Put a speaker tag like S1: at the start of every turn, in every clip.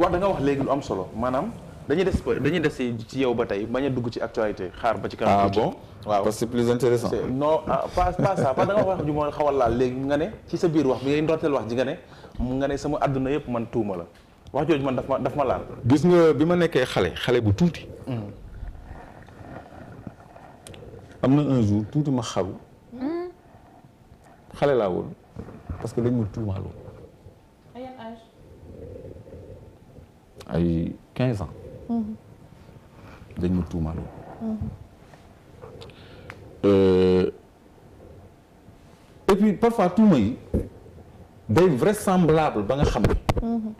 S1: wax da nga wax léegi lu am solo maanaam dañuy des dañuy des ci yow ba tey bañ a dugg ci actualité xaar ba ci kanam. Ah bon waaw parce que c'est ah, pas pas ça parce wax ju ma xawal laal léegi nga ne ci sa biir wax bi ngay ndorteel wax ji nga ne nga ne sama àdduna yëpp man tuuma la wax jooju man daf ma daf ma laal. gis nga bi ma nekkee xale xale bu tuuti. Hmm. am na un jour tuuti ma xaru. Hmm. xale laa woon parce que dañ ma tuumaaloon. ay quinze ans mhm. dañ ma tuumaal mhm. euh, et puis parfois tuuma yi day vraisemblable ba nga xam ne mhm.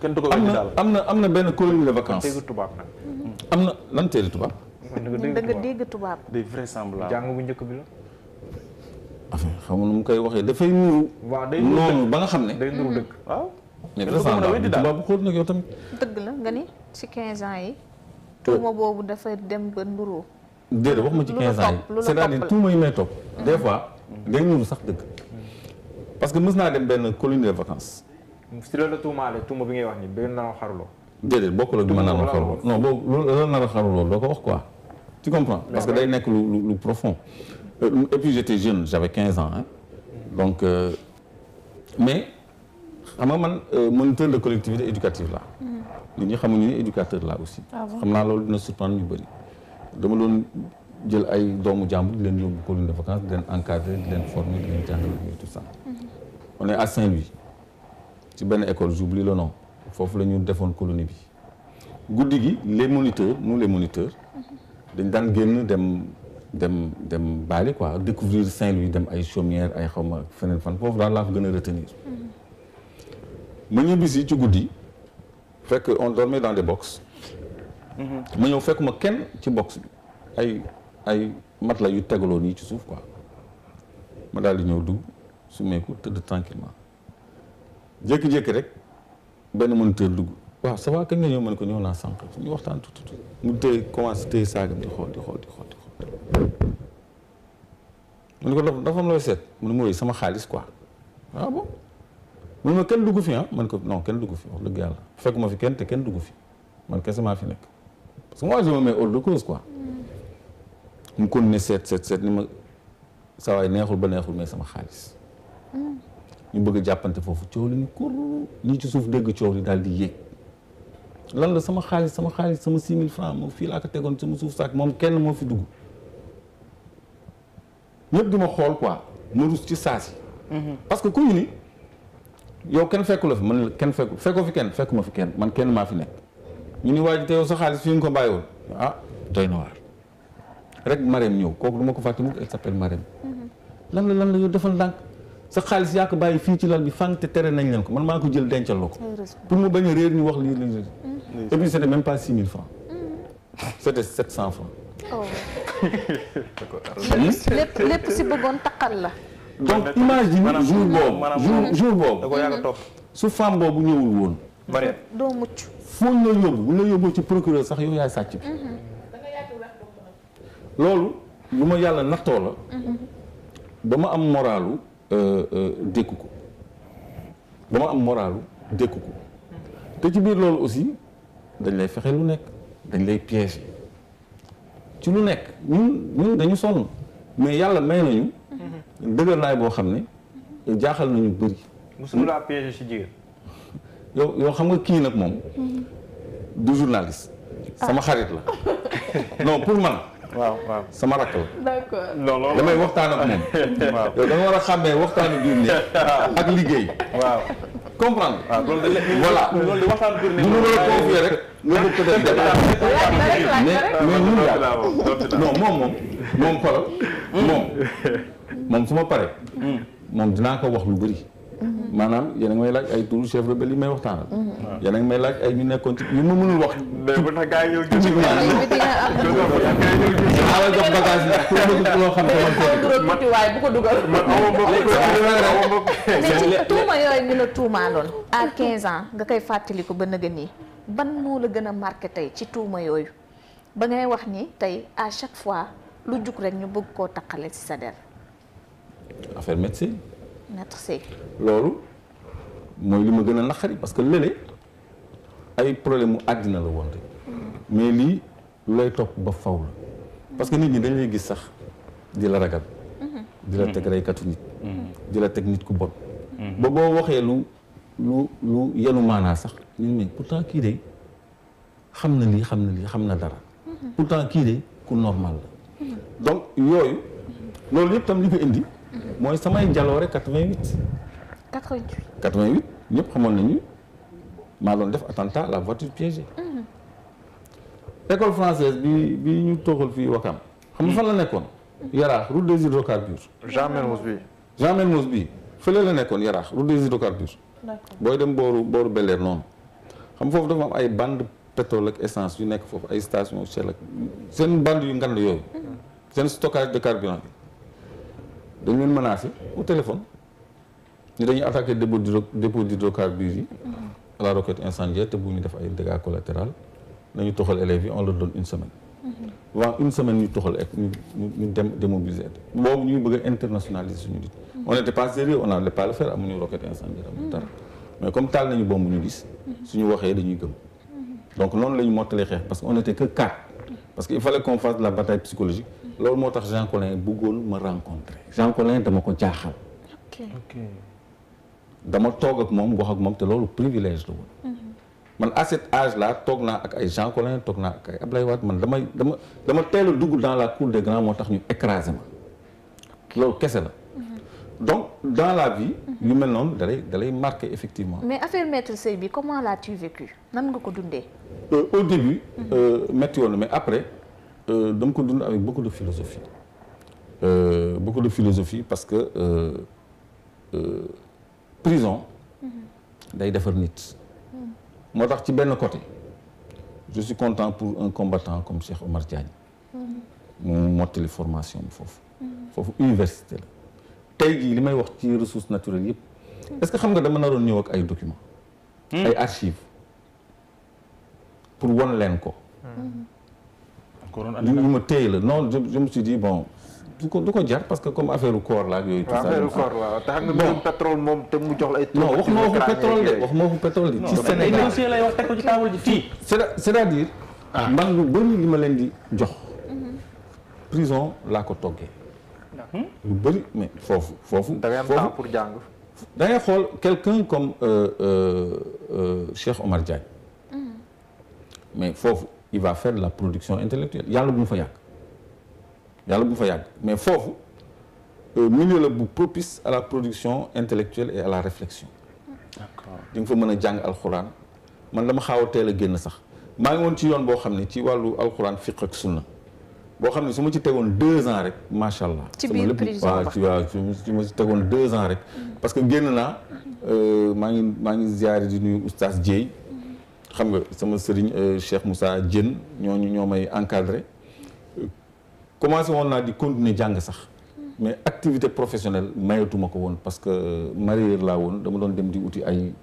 S1: kenn du ko am na am na benn colonie de vacances dégg tubaab nag am na lan téere tubaab dëgg dégg tubaab day vraisemblable jàng bu njëkk bi la enfin xam nga mu koy waxee dafay nuru waaw noonu ba nga xam ne nekk tubaab bu xóot nag yow tamit.
S2: dëgg la nga ni ci 15 ans yi. tuuma boobu dafa dem ba nduroo.
S1: déedéet wax ma ci 15 ans yi c'est-à-dire tuuma yi may topp. Mm-hmm. des fois day ñuul sax dëgg. parce que mës naa dem benn colonie de vacances. si loolu la tuumaale tuuma bi ngay wax nii bëgg naa xaruloo. déedéet bokk ak bi ma nar a xaruloo non boobu loolu la nar a xaruloo doo ko wax quoi. tu comprends parce que day nekk lu lu profond. Euh, et puis jeune j'avais 15 ans hein. donc euh, xam nga man euh, moniteur de collectivité éducative la
S2: mm-hmm.
S1: nit ñi xamuñu ne éducateur la aussi ah xam naa loolu dina surprendre ñu bëri dama doon jël ay doomu jàmbur di leen yóbbu colonie de vacances di leen encadrer di leen former di leen jàngal et tout ça mm-hmm. on est à Saint-Louis ci benn école j'oublie le nom foofu la ñu defoon colonie bi guddi gi les moniteurs nous les moniteur mm-hmm. dañ daan génn dem dem dem baali quoi découvrir Saint-Louis dem ay chaumière ay xaw ma feneen fan foofu daal laa fa gën a retenir ma ñibbisi ci guddi fekk on dormait dans des box mhm. ma ñëw fekk ma kenn ci box bi ay ay mat la yu tegaloo nii ci suuf quoi ma daal di ñëw dugg su meeku tëdd tranquillement jékki-jékki rek benn moniteur dugg waaw ça va kañ nga ñëw ma ne ko ñëw naa sànq ñu waxtaan tuuti tuuti mu téye commencé téye saagam di xool di xool di xool di xool mu ne ko dafa am looy seet mu ne ma sama xaalis quoi waaw ah bon mun ma kenn dugg fi ah man ko non kenn dugg fi wax dëgg yàlla fekk ma fi kenn te kenn dugg fi man kese maa fi nekk parce que moi je me mets hors de cause quoi mm. ne seet seet seet ni ma saa neexul ba neexul mais sama xaalis mm. ñu bëgg a jàppante foofu coow li ni kur ñii ci suuf dégg coow li daal di yéeg lan la sama xaalis sama xaalis sama six mille francs moom fii laa ko tegoon sama suuf saak moom kenn moo fi dugg ñëpp di ma xool quoi ma rus ci saasi mm-hmm. parce que ku ñu ni yow kenn fekkuloo fi man kenn fekku fi kenn fekkuma fi kenn man kenn maa fi nekk ñu ni waa ji te yow sa xaalis fi nga ko bàyyiwul ah doy na rek Marème ñëw kooku du ma ko fàtte mukk elle s'appelle Marème mm-hmm. lan la lan la yow defal ndànk sa xaalis yaa ko bàyyi fii ci lal bi fànn te tere nañ leen ko man maa ko jël dencal la ko pour mu bañ a réer ñu wax lii lañ
S2: mm-hmm. et puis c'était
S1: même pas six mille francs mm-hmm. c'était sept cent francs oh. lépp lépp si bëggoon taqal la donc imagine jour boobu jour boobu su femme boobu ñëwul woon doo mucc foo ñu la yóbbu bu la yóbboo ci procureur sax yow yaay sàcc loolu lu ma yàlla naxtoo la dama am moralu euh, euh, dékku ko dama am moralu dékku ko te ci biir loolu aussi dañ lay fexe lu nekk dañ lay piéger ci lu nekk ñun ñun dañu sonn mais yàlla may nañu dëgër laay boo xam ne jaaxal nañu bëri. si yow yow xam nga kii nag moom. du journaliste. Ah. sama xarit la non pour man. waaw waaw sama rakk la.
S2: d'accord
S1: damay waxtaan ak moom. yow da war a xàmmee waxtaanu biir néeg ak liggéey. waaw comprendre. waaw ah, loolu dañ leen voilà loolu di ah, moom moom moom moom. moom su ma paree. Mm. moom dinaa ko wax lu bëri. Mm-hmm. maanaam yéen a ngi ay turu chef may waxtaanal. waaw mm-hmm. yéen a laaj ay ñu nekkoon ci ñu wax. mais bu tax gars yi ñëw jënd ci gars yi ñëw jox bagage yi pour bëgg loo xam ko dugal. man amoo
S2: nga koy fàttaliku ba nëgë ban moo la gën a marqué tey ci tuuma yooyu ba ngay wax ni tey à chaque fois lu jug rek ñu bëgg koo taqalee ci sa der. affaire médecine. médecine
S1: loolu mooy li ma gën a naqari parce que léeg ay problème mu àddina la woon rek mais lii lay topp ba faw la parce que nit ñi dañ lay gis sax di la ragal. Mhm. di la teg reykatu nit. Mhm. di la teg nit ku bon. Mhm. ba boo waxee lu lu lu yenu maanaa sax ñu ne pourtant kii de xam na lii xam na lii xam na dara. pourtant kii de ku normal la. donc yooyu loolu yëpp tam li ko indi. mooy samay jaloore 88. 88 88 ñëpp xamoon nañu maa doon def attentat la voiture piégée.
S2: Mm-hmm.
S1: école française bi bi ñu toogal fii Wakam. xam nga fan la nekkoon. Mm-hmm. Yaraax route des hydrocarbures. Jean Mermoz bi. Jean Mermoz bi fële la nekkoon Yaraax route des hydrocarbures. d'accord booy dem booru booru Bel-Air noonu. xam foofu dafa am ay bande pétrole ak essence yu nekk foofu ay station Shell ak seen bande yu ngand yooyu. Mm-hmm. seen stockage de carburant bi. dañ leen menacé au téléphone ñu dañuy attaqué dépôt d' dépôt d'hydrocarbures yi à mm-hmm. la roquette incendiaire te bu ñu def ay dégâts collatéraux nañu toxal élèves yi on leur donne une semaine waaw mm-hmm. une semaine ñu toxal ek ñu ñu dem démobiliser boobu ñu ngi bëgg a internationaliser suñu dit mm-hmm. on n'était sérieux on n'allait pas le faire amuñu roquette incendiaire amuñu dara mais comme taal nañu bomb ñu gis suñu waxee dañuy gëm donc noonu la ñu mottalee xeex parce que on était que quatre loolu moo tax Jean Collin bëggoon ma rencontrer Jean Collin dama ko jaaxal. ok dama toog ak moom wax ak moom te loolu privilège la woon. Mhm. man a cet âge là toog naa ak ay Jean Collin toog naa ak ay Ablaye Wade man damay dama dama teel a dugg dans la cour des grands moo tax ñu écrasé ma loolu kese la. Mhm. donc dans la vie. Mhm. yu mel noonu da lay da lay marqué effectivement.
S2: mais affaire maître sëy bi comment l'as-tu vécu nan nga ko dundee.
S1: Euh, au début. métti euh, woon na mais après. Euh, dama ko dund avec beaucoup de philosophie euh, beaucoup de philosophie parce que euh, euh, prison day defar nit moo tax ci benn côté je suis content pour un combattant comme Cheikh Omar Diagne mu mottali formation foofu foofu université la tey jii li may wax ci ressources naturelles yëpp est-ce que xam nga dama naroon ñëw ak ay documents ay archives pour won leen ko yu ma téye la non je me suis bon du ko du ko jar parce que comme affaire u koor la yooyu. tout affaire u te moom te mu jox la ay. non wax ma waxu pétrole de wax ma fii. c'est-à-dire. ah ma leen di jox. Mhm. laa ko toggee. Hmm? lu bëri mais foofu foofu. da ngay pour jàng. da ngay xool quelqu'un comme euh, euh, euh, Cheikh Omar Diagne. Mhm. mais foofu. il va la production intellectuelle yàlla bu mu fa yàgg yàlla bu mu fa yàgg mais foofu milieu la bu propice à la production intellectuelle et à la réflexion d'accord di fa mën a jàng alxuraan man dama xaaw a teel a génn sax maa ngi woon ci yoon boo xam ne ci wàllu alxuraan fiq ak sunna boo xam ne su ma ci tegoon deux ans rek macha allah. ci biir prison waaw ci waaw su ma ci tegoon deux ans rek. parce que génn naa euh, maa ngi maa ngi jaar di nuyu oustaz Dieye. xam nga sama sëriñ euh, Cheikh Moussa Dieng ñooñu ñoo may encadré commencé woon naa di continuer jàng sax mais activité professionnel mayetuma ko woon parce que marier laa woon dama doon dem di wuti ay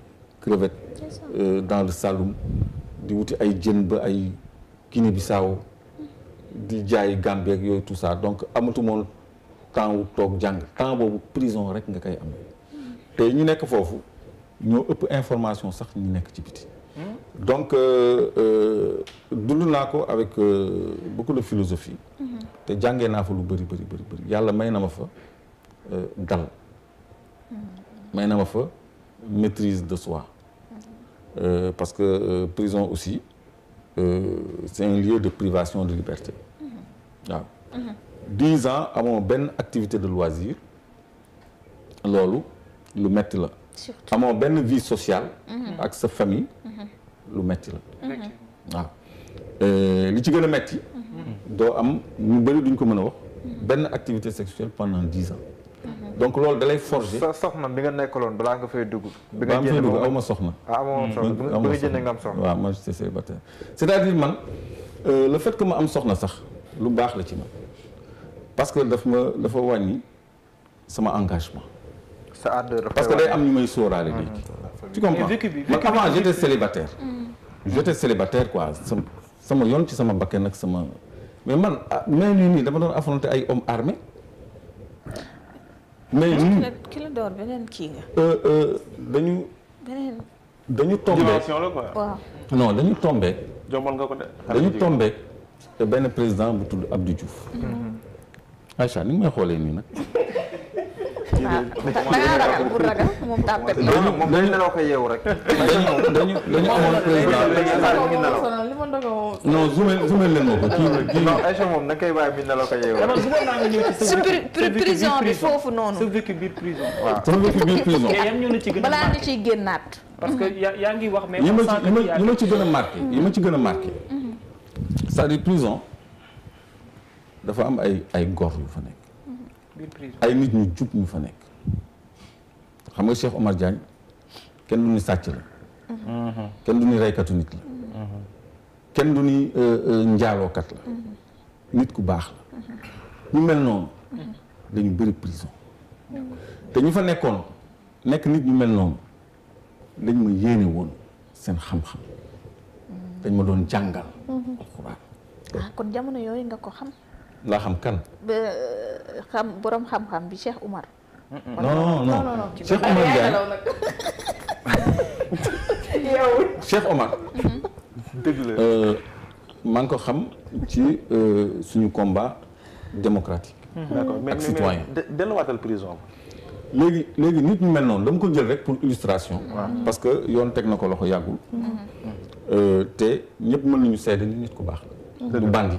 S1: crevette euh, dans le Saloum di wuti ay jën ba ay Guinée Bissau di jaay Gambie ak yooyu tout ça donc amatumoon temps wu toog jàng temps boobu prison rek nga koy amee hmm. te ñu nekk foofu ñoo ëpp information sax ñu nekk ci biti donc euh, euh, dund naa ko avec euh, beaucoup de philosophie. Mhm. te jàngee naa fa lu bëri bëri bëri yàlla may na ma fa dal. Mhm. may na ma fa maîtrise de soi. Mhm. parce que prison aussi c'est un lieu de privation de liberté. waaw dix ans amoo benn activité de loisir loolu lu metti la. surtout benn vie social mhm. ak sa famille. Mhm. lu metti la. Mhm. waaw euh, li ci gën a metti. doo am ñu bëri duñ ko mën a wax. benn activité sexuelle pendant dix ans. donc loolu da lay forger. sa soxna bi nga nekkaloon balaa nga fay dugg. bi nga jënd aw ma soxna. Ah, aw ma mm-hmm. soxna bi nga jëndee nga am soxna. waaw man c'est célibataire c'est-à-dire man euh, le fet que ma am soxna sax lu baax la ci man parce que daf ma dafa wàññi sama engagement. sa ànd parce que day am ñu may sóoraale ah, léegi. tu comprends man avant j'étais célibataire.
S2: Mm.
S1: j'étais célibataire quoi sama yoon ci sama mbakke nag sama mais man ah, mais nii nii dama doon affronter ay hommes armés. mais ñun
S2: ki kii nga.
S1: Euh, euh, dañu. beneen dañu tombé waaw. non dañu tombé. jombal nga ko de. dañu tombé benn président bu tudd Abdou Diouf. Mm-hmm. Aïcha ni nga may xoolee nii nag.
S2: ragal moom tàppet la
S1: moom dañu nelaw ko yeewu rek. dañu dañu amoon président
S2: li ma ndogoo.
S1: non zoomel zoomel leen ma ko kii non Aïcha moom na koy bàyyi mi nelaw ko yeewu prison bi foofu noonu. sa vécu biir prison. balaa ñu
S2: ciy génnaat.
S1: parce que yaa ngi wax mais. yi ma ci yi ma ci gën a marqué yi ma ci gën a marqué. Mhm. c'est-à-dire prison dafa am ay ay yu fa nekk. ay nit ñu jub ñu fa nekk xam nga Cheikh Omar Diagne kenn du ni sàcc la mhm. kenn du ni reykatu nit la mhm. kenn du ni euh, euh, njaalookat la mhm. nit ku baax la ñu mel noonu dañu bëri prison te ñu fa nekkoon nekk nit ñu mel noonu dañ ma yéene woon seen xam-xam dañ ma doon jàngal alxuraan
S2: ah, kon jamono yooyu nga ko xam laa xam kan. Euh, xam xam-xam bi Cheikh Oumar. non non non Cheikh yow
S1: Cheikh Oumar. Mm-hmm. dëgg euh, maa ngi ko xam ci euh, suñu combat démocratique.
S2: Mm-hmm. d'accord mais mais
S1: delluwaatal prison. léegi léegi nit ñu mel noonu dama ko jël rek pour illustration. Mm-hmm. parce que yoon teg na ko loxo yàggul. te ñëpp mën nañu seede nit ku baax. du bandi.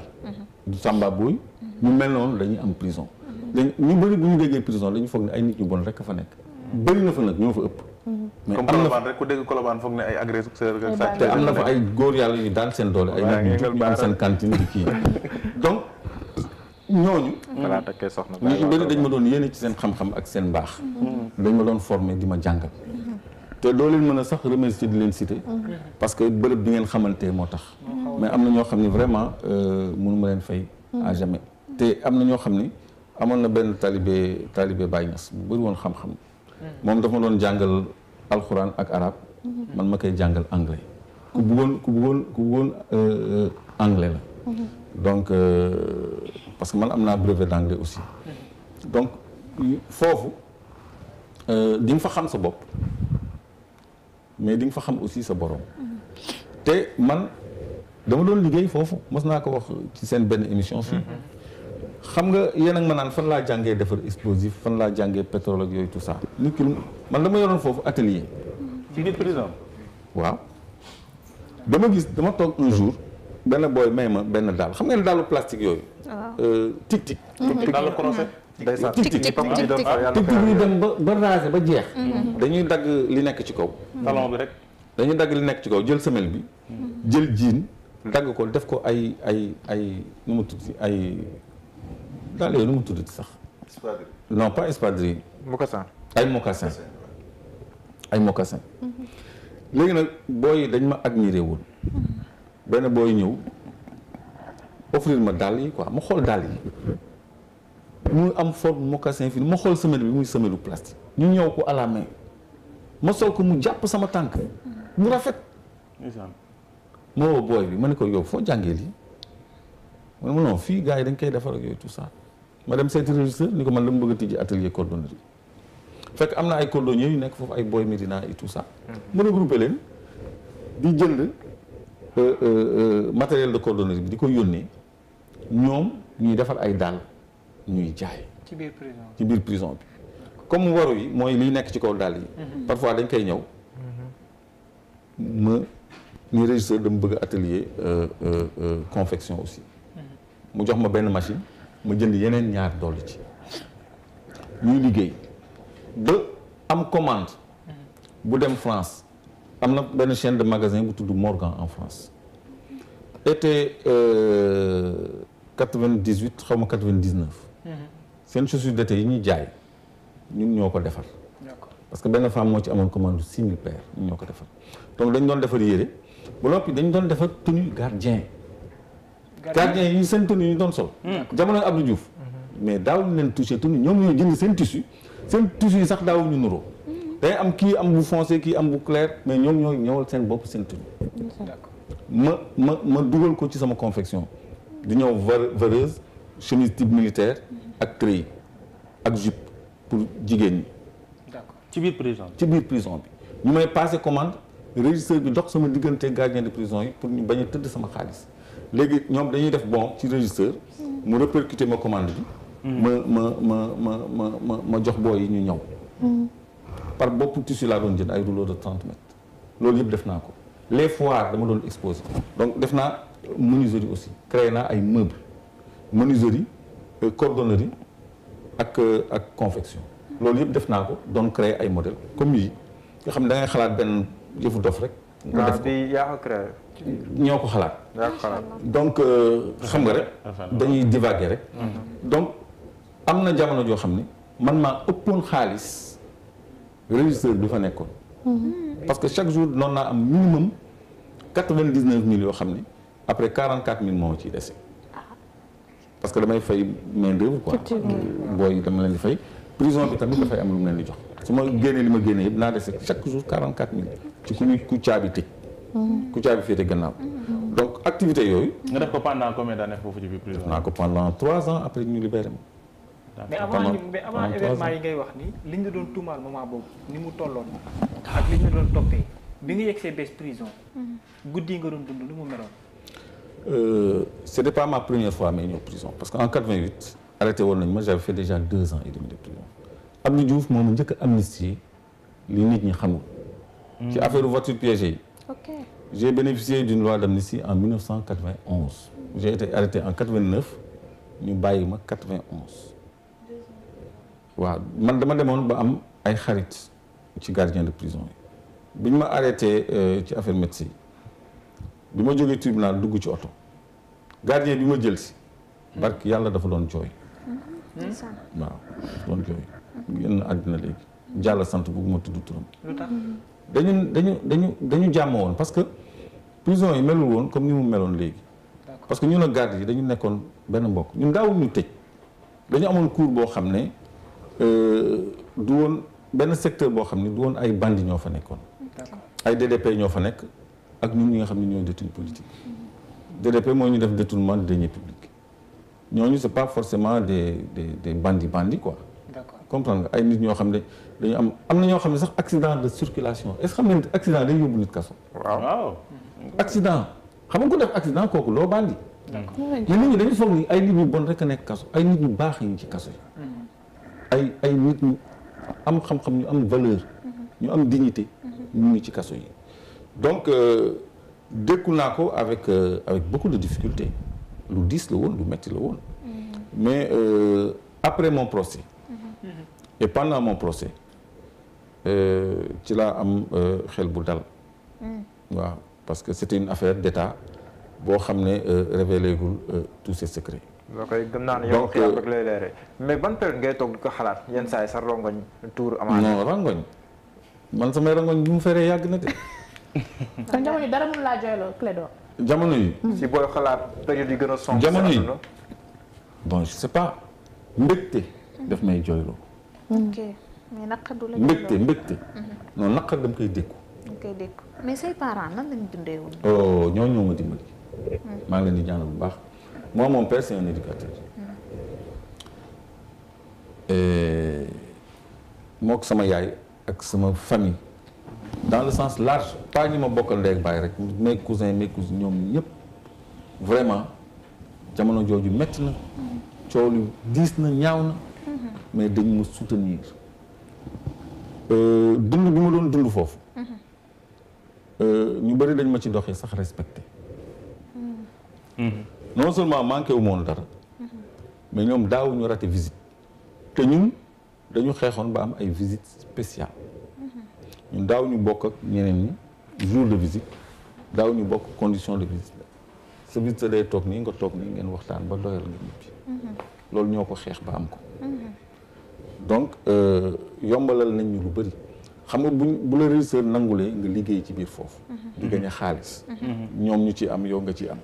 S1: du Samba Boy ñu mel noonu dañu am prison dañ ñu bëri bu ñu déggee prison dañu foog ne ay nit ñu bon a fa nekk bëri na fa nag ñoo fa ëpp mais comme Colobane rek ku dégg Colobane foog ne ay agresseur ak te am na fa ay góor yàlla yu daan seen doole ay nit ñu am seen cantine di kii donc ñooñu ñu bëri dañ ma doon yéene ci seen xam-xam ak seen baax mm-hmm. dañ ma doon formé di ma jàngal te doo leen mën a sax remercier di leen citer. parce que bërëb bi ngeen xamante moo tax. mais am na ñoo xam ne vraiment euh, mënu ma leen fay. à te am na ñoo xam ni amoon na benn talibé talibé baay Niass bu bëri woon xam-xam. moom dafa ma doon jàngal alxuraan ak arab man ma koy jàngal anglais. ku bëggoon ku bëggoon ku bëggoon euh, euh, anglais la. donc parce que man am naa brevet d'anglais aussi. donc foofu di nga fa xam sa bopp. mais di nga fa xam aussi sa borom. te man dama doon liggéey foofu mos naa ko wax ci seen benn émission fii. xam nga yéen ak ma naan fan laa jàngee defar explosif fan laa jàngee pétrole yooyu tout saa nit ki man dama yoroon foofu atelier. ci biir prison. waaw dama gis dama toog un jour. benn booy may ma benn daal xam ngeen daalu plastique yooyu. waaw ah. euh, tic mm-hmm. tic. tic tic daalu ndeysaan tik tik tik ñu dem ba ba raser ba jeex mhm. mm-hmm. dañuy dagg li nekk ci kaw mhm. talon bi rek dañuy dagg li nekk ci kaw jël semelle bi mhm. jël jiin dagg ko def ko ay ay ay nu mu tudd ay daal yooyu nu mu tudd sax non pas espadrille mocassin ay mocassin ay mocassin léegi nag booy dañ ma admiré woon benn booy ñëw offrir ma dàll yi quoi ma xool dàll yi mu am forme mocassin fii ma xool semelle bi muy semelu plastique ñu ñëw ko à ma sol ko mu jàpp sama tànk mu rafet ma woo booy bi ma ne ko yow foo jàngee lii ma ne non fii gars yi dañ koy defar ak yooyu ma dem seeti ni ko man dama bëgg a tijji atelier cordonnerie fekk am na ay cordonniers yu nekk foofu ay booy Médina et tout ça mm-hmm. ma regroupé leen di jënd euh, euh, euh, matériel de cordonnerie bi di ko yónnee ñoom ñuy defar ay dàll ñuy jaay.
S2: ci biir prison bi
S1: ci biir prison bi. comme waru yi mooy liy nekk ci kaw dàll yi. Mhm. parfois dañ koy ñëw. Mhm. ma ni régisseur dama bëgg atelier euh, euh, euh, confection aussi. Mhm. mu jox ma benn machine ma jënd yeneen ñaar dolli ci. ñuy liggéey ba am commande. bu dem France am na benn chaine de magasin bu tudd Morgan en France. été quatre vingt dix huit xaw ma seen chaussures d'été yi ñuy jaay ñun ñoo ko defar. parce que benn femme moo ci amoon commande six mille paires ñun ñoo ko defar donc dañ doon defar yére ba noppi dañ doon defar tenue gardien. gardien yi seen tenue ñu doon sol. jamono Abdou Diouf. Mhm. mais daawuñu leen touché tenue ñoom ñoo jënd seen tissu seen tissu yi sax daawuñu nuroo. Mhm. day am kii am bu foncé kii am bu clair mais ñoom ñooy ñëwal seen bopp seen tenue. ma ma ma dugal ko ci sama confection. di ñëw vareuse chemise militaire. ak CREI ak jupe pour jigéen ñi. d'accord ci biir prison bi. ci biir prison bi ñu may passé commande régisseur bi dox sama diggante gardien de prison yi pour ñu bañ tëdd sama xaalis léegi ñoom dañuy def bon ci régisseur mu répercuter ma commande bi. Hmm. ma ma ma ma ma ma ma jox booy yi ñu ñëw. Hmm. par bopp tissu laa doon jën ay rouleau de trente mètres loolu yëpp def naa ko les foires dama doon exposé donc def naa menuiserie aussi créé naa ay meubles menuiserie Euh, cordonnerie ak euh, ak confection loolu yëpp def naa ko doon créer ay modèle comme yii nga xam ne da xalaat benn yëfu dof rek. nga def ah, ñoo ko xalaat. donc euh, xam nga rek. dañuy divaguer rek. Mm-hmm. donc am na jamono joo xam ni man maa ëppoon xaalis régisseur bi fa nekkoon.
S2: Mm-hmm.
S1: parce que chaque jour noon naa am minimum quatre vingt mille yoo xam ne après mille moo ciy dese. parce que damay fay main d'œuvre quoi mm. booy dama leen di fay prison bi tamit dafay am lu mu leen di jox su ma génnee li ma génnee yëpp naa dese chaque jour quarante quatre mille ci ku ñuy ku caabi tëj
S2: mm-hmm. ku
S1: caabi féete gannaaw mm-hmm. donc activité yooyu nga def ko pendant combien d'années foofu ci biir prison naa ko pendant trois ans après ñu libéré ma mais avant mais avant yi ngay wax ni li ñu doon tuumaal moment boobu ni mu tolloon ak li ñu doon toppee bi nga yegsee bés prison mm-hmm. guddi nga doon dund lu mu meloon euh, ce n'était pas ma première fois may ñëw prison parce que en 88 arrêté woon nañu ma j'avais fait déjà deux ans et demi de prison Abdou Diouf moom njëkk a amnistier li nit ñi xamul. Hmm. ci affaire voiture piégée yi. ok j'ai bénéficié d'une loi d'amnistie en 1991. j'ai été arrêté en 89 ñu bàyyi ma 91. waaw man dama demoon ba am ay xarit ci gardien de prison yi bi ñu ma arrêté euh, ci affaire médecine. bi ma jógee tribunal dugg ci oto gardien bi ma jël si bark yàlla dafa doon jooy
S2: mm-hmm.
S1: waaw dafa doon jooy génn àddina léegi jàll sant bugguma tudd turam dañu dañu dañu dañu jàmm woon parce que prison yi melul woon comme ni mu meloon léegi parce que ñun ak garde yi dañu nekkoon benn mbokk ñun daawul ñu tëj dañu amoon cour boo xam ne euh, du woon benn secteur boo xam ne du woon ay bandi ñoo fa nekkoon ay DDP ñoo fa nekk ak ñun ñi nga xam ne ñooy détenu politique mm-hmm. DDP moo ñu def détournement de deniers publics ñooñu c'est pas forcément des des des bandits bandits quoi comprendre nga ay nit ñoo xam ne dañu am am na ñoo xam ne sax accident de circulation est-ce que xam nga accident day yóbbu nit kaso waaw accident xam nga ko def accident kooku loo bandi
S2: mais nit ñi dañu
S1: foog ni ay nit ñu bon rek a nekk kaso ay nit ñu baax yi ñu ci kaso yi
S2: mm-hmm.
S1: ay ay nit ñu am xam-xam ñu am valeur
S2: mm-hmm.
S1: ñu am dignité ñu ngi ci kaso yi donc euh, dékku naa ko avec euh, avec beaucoup de difficultés lu diis la woon lu metti la woon mais euh, après mon procès et pendant mon procès ci laa am xel bu dal waaw parce que c'était une affaire d'État boo xam ne révélé gul tous ses secrets loo koy gëm naa ne lay leere mais ban période ngay toog di ko xalaat yenn saa yi sax rongoñ tuur amaana non rongoñ man samay rongoñ bi mu feree yàgg na de
S2: kon jamono dara mun laa jooyloo Clédor.
S1: jamono yi. Hmm. si booy xalaat période yi gën a sombre. jamono yi bon je pas mbégte daf may jooyloo.
S2: ok mais naqar du la jooyloo mbégte mbégte.
S1: Hmm.
S2: koy dékku. mais say parents nan lañu dundee woon.
S1: Oh, ñoo ñoo ma dimbali.
S2: Hmm. maa
S1: ngi leen di ñaanal bu baax. moo mon père c'est un éducateur. sama yaay ak sama famille. dans le sens large pas ñi ma bokkal ndey ak rek mes cousins mes cousines ñoom ñëpp vraiment jamono jooju métti na coow li diis na ñaaw na mais dañ ma soutenir euh, dund bi ma doon dund foofu euh, ñu bëri dañ ma ci doxee sax respecté non seulement manqué wu moon dara mais ñoom daawuñu raté visite te ñun dañu xeexoon ba am ay visites spéciales ñun daaw ñu bokk ak ñeneen ñi jour de visite daaw ñu bokk condition de visite la sa visite day toog nii nga toog nii ngeen waxtaan ba doyal nga ñibbi mhm. loolu ñoo ko xeex ba am ko mhm. donc euh, yombalal nañ ñu lu bëri xam nga buñ bu la régisseur nangule nga liggéey ci biir foofu mhm. di gañ xaalis ñoom ñu ci am yow nga ci am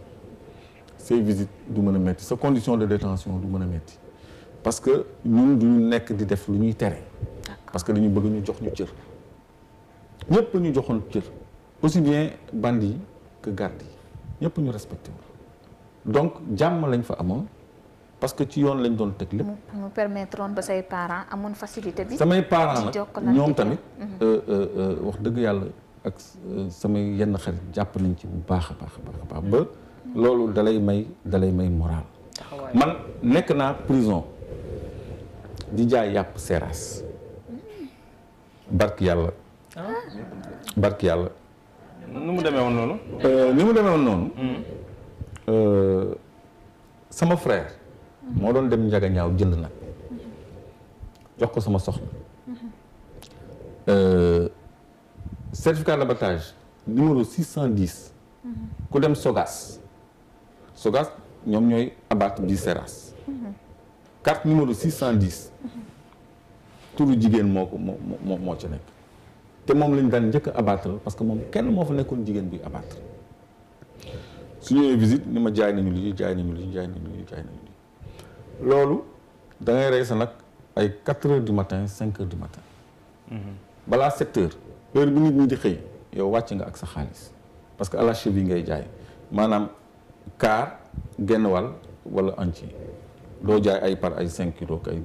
S1: say visite du mën a metti sa condition de détention du mën a metti parce que ñun duñu nekk di def lu ñuy tere parce que dañu bëgg ñu jox ñu cër ñëpp ñu joxoon cër aussi bien band yi que garde yi ñëpp ñu respecté woon donc jàmm lañ fa amoon parce que ci yoon lañ doon teg lépp.
S2: mu permettre ba say parents amoon facilité bi. samay parents nag ñoom tamit. Mhm.
S1: Euh, euh, euh, wax dëgg yàlla ak samay yenn xarit jàpp nañ ci bu baax a baax a baax ba loolu dalay may dalay may moral. man nekk naa prison di jaay yàpp seeraas. Mhm. bark yàlla. Ah. barki yàlla. nu mu demee woon noonu. Euh, ni mu demee woon noonu. Hmm. Euh, sama frère. moo doon dem njaga ñaaw jënd nag jox ko sama soxna. Hmm. Euh, certificat d'abattage numéro 610. Hmm. ku dem Sogas. Sogas ñoom ñooy abat bi Seras. carte numéro 610. turu jigéen moo ko moo moo moo ci nekk. te moom lañ daan njëkk abattre parce que moom kenn moo fa nekkoon jigéen bi abattre su ñëwee visite ni ma jaay nañu lii jaay nañu lii jaay nañu lii jaay nañu lii loolu da rey sa nag ay quatre heures du matin cinq heures du matin mhm. balaa sept heures heure bi nit ñi di xëy yow wàcc nga ak sa xaalis parce que à la cheville ngay jaay maanaam kaar genn wàll wala entier doo jaay ay par ay cinq kilos ay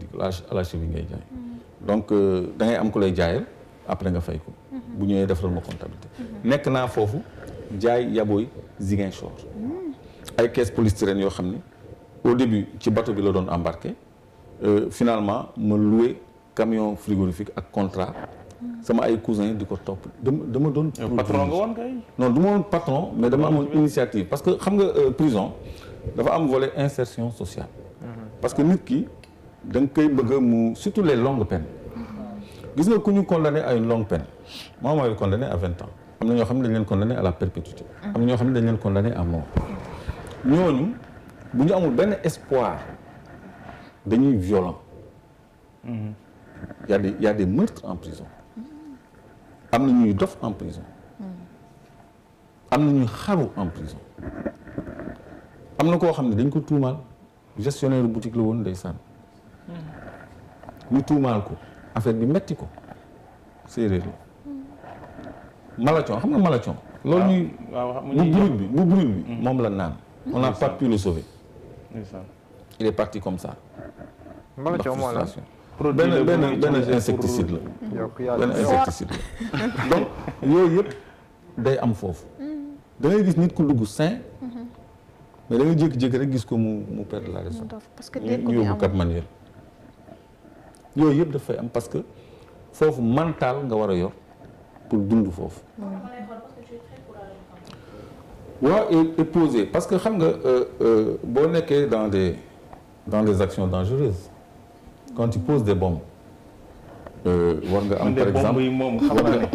S1: à la cheville ngay jaay mhm. donc euh, da ngay am ku lay jaayal après nga fay ko. Mhm. bu ñëwee defaral ma comptabilité. Mhm. nekk naa foofu jaay yaboy Ziguinchor. Mhm. ay caisse polystyrène yoo xam ne au début ci bateau bi la doon embarqué euh, finalement ma loué camion frigorifique ak contrat. sama ay cousin di ko topp dama dama doon. patron nga woon kay. non du ma woon patron mais dama amoon initiative parce que xam nga euh, prison dafa am vole insertion sociale. parce que nit ki da nga bëgg mu surtout les longues peines. gis nga ku ñu condamné à une longue peine moom mooy condamné à vingt ans am na ñoo xam ne dañ leen condamné à la perpétuité am na dañ leen condamné à mort ñooñu bu ñu benn espoir dañuy violent y a des y en prison am na ñuy dof en prison am na ñuy xaru en prison am na koo xam ne dañ ko tuumaal gestionnaire boutique la woon ndeysaan ñu tuumaal ko affaire bi metti ko séeréer yi malacon xam nga malacon loolu ñuy bu brut bi bu brut bi moom la naan mm-hmm. on n'a pas pu le il est parti comme sax malacon moo la benn benn insecticide la benn insecticide la donc yooyu yëpp day am foofu mm-hmm. da ngay gis nit ku dugg sain mm-hmm. mais da nga jékki rek gis ko mu mu la raison ñu yóbbu kat manière yooyu yëpp dafa am parce que foofu mental nga war a yor pour dund foofu. waaw et posé parce que xam nga euh, euh, boo nekkee dans des dans des actions dangereuses quand tu poses des bombes. Euh, war nga am par exemple moom xam nga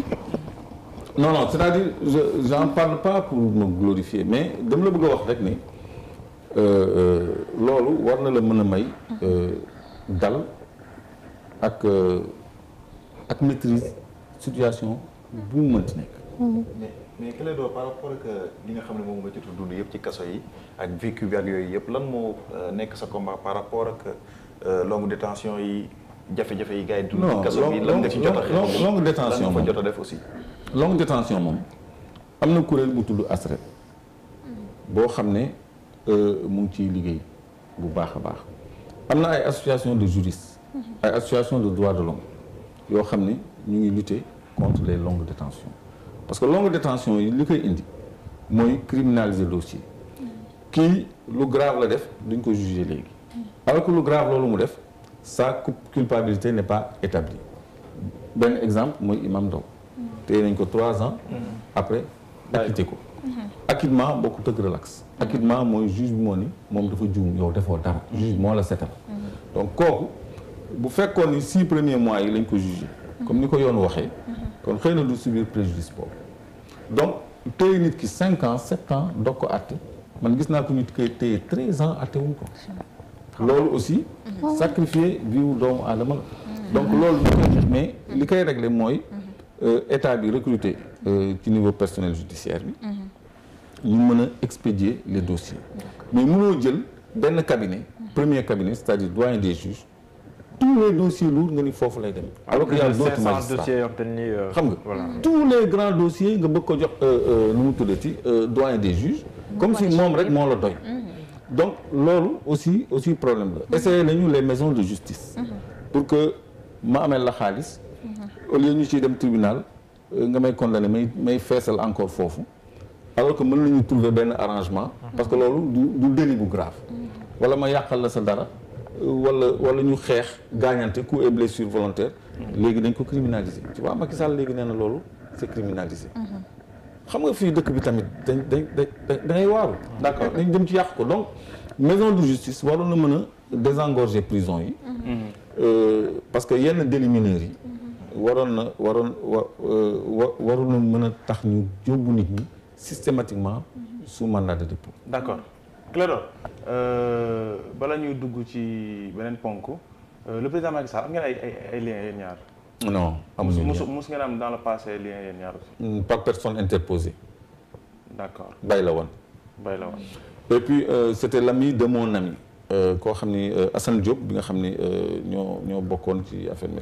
S1: non non c'est-à-dire je j'en parle pas pour me glorifier mais dama la bëgg a wax rek ni loolu war na la mën a may dal. ak euh, ak maîtrise situation bu mu mënti nekk. mais mais Clédor par rapport ak euh, li nga xam ne moom nga ci dund yëpp ci kaso yi ak vécu yooyu yëpp lan moo euh, nekk sa combat par rapport ak longue détention yi jafe-jafe yi gars yi dund ci kaso bi lan nga ci jot a xeex longue détention moom def aussi. longue détention moom am na kuréel bu tudd ASRED boo xam ne mu ngi ciy liggéey bu baax a baax am na ay association de juristes ay association de droits de l'homme yoo xam ni ñu ngi lutter contre les longues détentions parce que longue détention yi li koy indi mooy criminaliser dossier kii lu grave la def duñ ko juger léegi alors que lu grave loolu mu def sa culpabilité n'est pas établie benn exemple mooy imam Ndao téye nañ ko trois ans après acquitté ko acquittement bokkut ak relax acquittement mooy juge moo ni moom dafa juum yow defoo dara juge moo la setal donc kooku bu fekkoon ni six premiers mois yi lañ ko jugé comme ni ko yoon waxee kon xëy na du subir préjudice boobu donc téye nit ki cinq ans sept ans doog ko àtte man gis naa ko nit koy téye treize ans àtte wuñ ko loolu aussi sacrifier viwu doomu aadama la mm. donc loolu mais li koy réglé mooy euh, état bi recruter euh, ci niveau personnel judiciaire bi mm. ñu mën a expédier les dossiers mais mënoo jël benn cabinet premier cabinet c'est-à-dire doyen des juges tous les dossiers lourds nga ni foofu lay dem. alors que y a d'autres magistrats euh, xam nga tous les grands dossiers nga bëgg ko jox euh, euh, nu mu tuddati doyen des juges. comme si moom rek moo la doy. donc loolu aussi aussi problème la. essayé nañu les maisons de justice. pour que ma amee la xaalis. au lieu ñu ciy dem tribunal nga may condamné may may feesal encore foofu alors que mën nañu trouver benn arrangement. parce que loolu du du délit bu grave. wala ma yàqal la sa dara. wala wala ñu xeex gaañante coups et blessures volontaires léegi dañ ko criminaliser tu vois Macky Sall léegi nee na loolu c'est criminalisé xam nga fii dëkk bi tamit dañ dañ da dangay waaru d'accord dañ dem ci yàqu ko donc maison de justice waroon na mën a désengorger prison yi mm-hmm. euh, parce que yenn délits yi mm-hmm. waroon na waroon euh, wa waroon na mën a tax ñu yóbbu nit ñi systématiquement mm-hmm. sous mandat de dépôt d'accord Clédor euh, bala ñuy dugg ci beneen ponk euh, le président Macky sax am ngeen ay ay ay liens yéen ñaar. non su lien mos ngeen am dans le passé lien yéen ñaar aussi. Mm, par personne interposée. d'accord bay la woon. bay la woon. et puis euh, c'était l'ami de mon ami. koo xam ni Assane Diop bi nga xam ni ñoo ñoo bokkoon ci affaire bi